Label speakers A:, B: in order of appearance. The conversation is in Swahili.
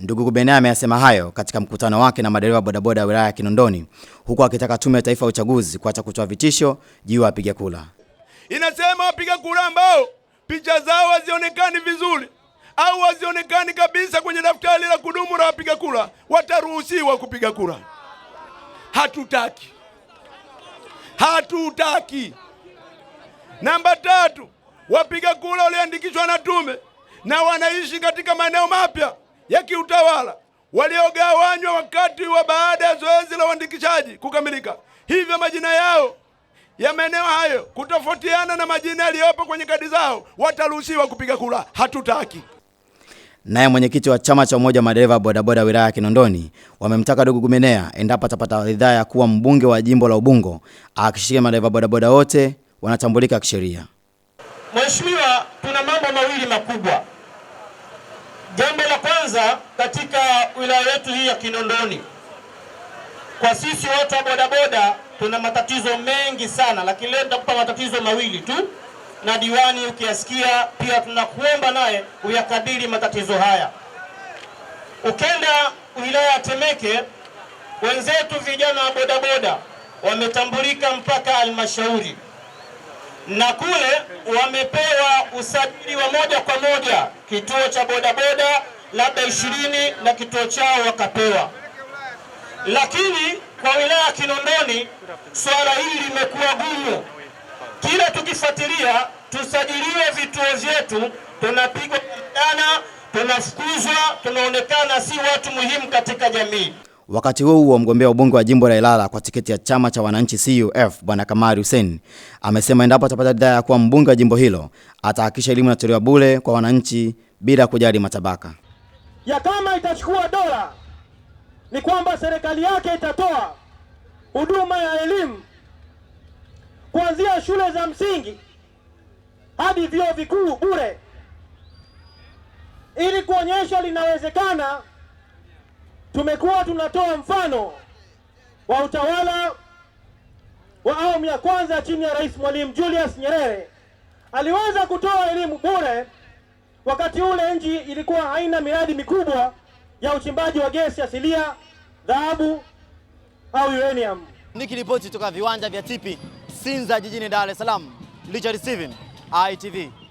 A: Ndugu Kubenea ameyasema hayo katika mkutano wake na madereva bodaboda wilaya ya Kinondoni, huku akitaka Tume ya Taifa ya Uchaguzi kuacha kutoa vitisho juu ya wapiga kura.
B: Inasema wapiga kura ambao picha zao hazionekani vizuri au hazionekani kabisa kwenye daftari la kudumu la wapiga kura wataruhusiwa kupiga kura. Hatutaki, hatutaki. Namba tatu, wapiga kura walioandikishwa na tume na wanaishi katika maeneo mapya ya kiutawala waliogawanywa wakati wa baada ya zoezi la uandikishaji kukamilika, hivyo majina yao ya maeneo hayo kutofautiana na majina yaliyopo kwenye kadi zao, wataruhusiwa kupiga kura. Hatutaki.
A: Naye mwenyekiti wa chama cha umoja madereva bodaboda wilaya ya Kinondoni wamemtaka dugu Gumenea, endapo atapata ridhaa ya kuwa mbunge wa jimbo la Ubungo, ahakikishie madereva bodaboda wote wanatambulika kisheria.
C: Mheshimiwa, tuna mambo mawili makubwa Jambo la kwanza katika wilaya yetu hii ya Kinondoni, kwa sisi wote wa bodaboda tuna matatizo mengi sana, lakini leo nitakupa matatizo mawili tu, na diwani ukiyasikia pia tunakuomba naye uyakabili matatizo haya. Ukenda wilaya ya Temeke, wenzetu vijana wa bodaboda wametambulika mpaka halmashauri na kule wamepewa usajili wa moja kwa moja kituo cha bodaboda labda ishirini na kituo chao wakapewa. Lakini kwa wilaya ya Kinondoni swala hili limekuwa gumu, kila tukifuatilia tusajiliwe vituo vyetu, tunapigwa dana, tunafukuzwa, tunaonekana si watu muhimu katika jamii.
A: Wakati huo huo, mgombea ubunge wa jimbo la Ilala kwa tiketi ya chama cha wananchi CUF Bwana Kamari Hussein amesema endapo atapata ridhaa ya kuwa mbunge wa jimbo hilo atahakisha elimu inatolewa bure kwa wananchi bila kujali matabaka.
D: Ya kama itachukua dola ni kwamba serikali yake itatoa huduma ya elimu kuanzia shule za msingi hadi vyuo vikuu bure, ili kuonyesha linawezekana Tumekuwa tunatoa mfano wa utawala wa awamu ya kwanza chini ya Rais Mwalimu Julius Nyerere. Aliweza kutoa elimu bure. Wakati ule nchi ilikuwa haina miradi mikubwa ya uchimbaji wa gesi asilia, dhahabu au uranium.
E: Nikiripoti kutoka viwanja vya Tipi Sinza jijini Dar es Salaam, Richard Steven, ITV.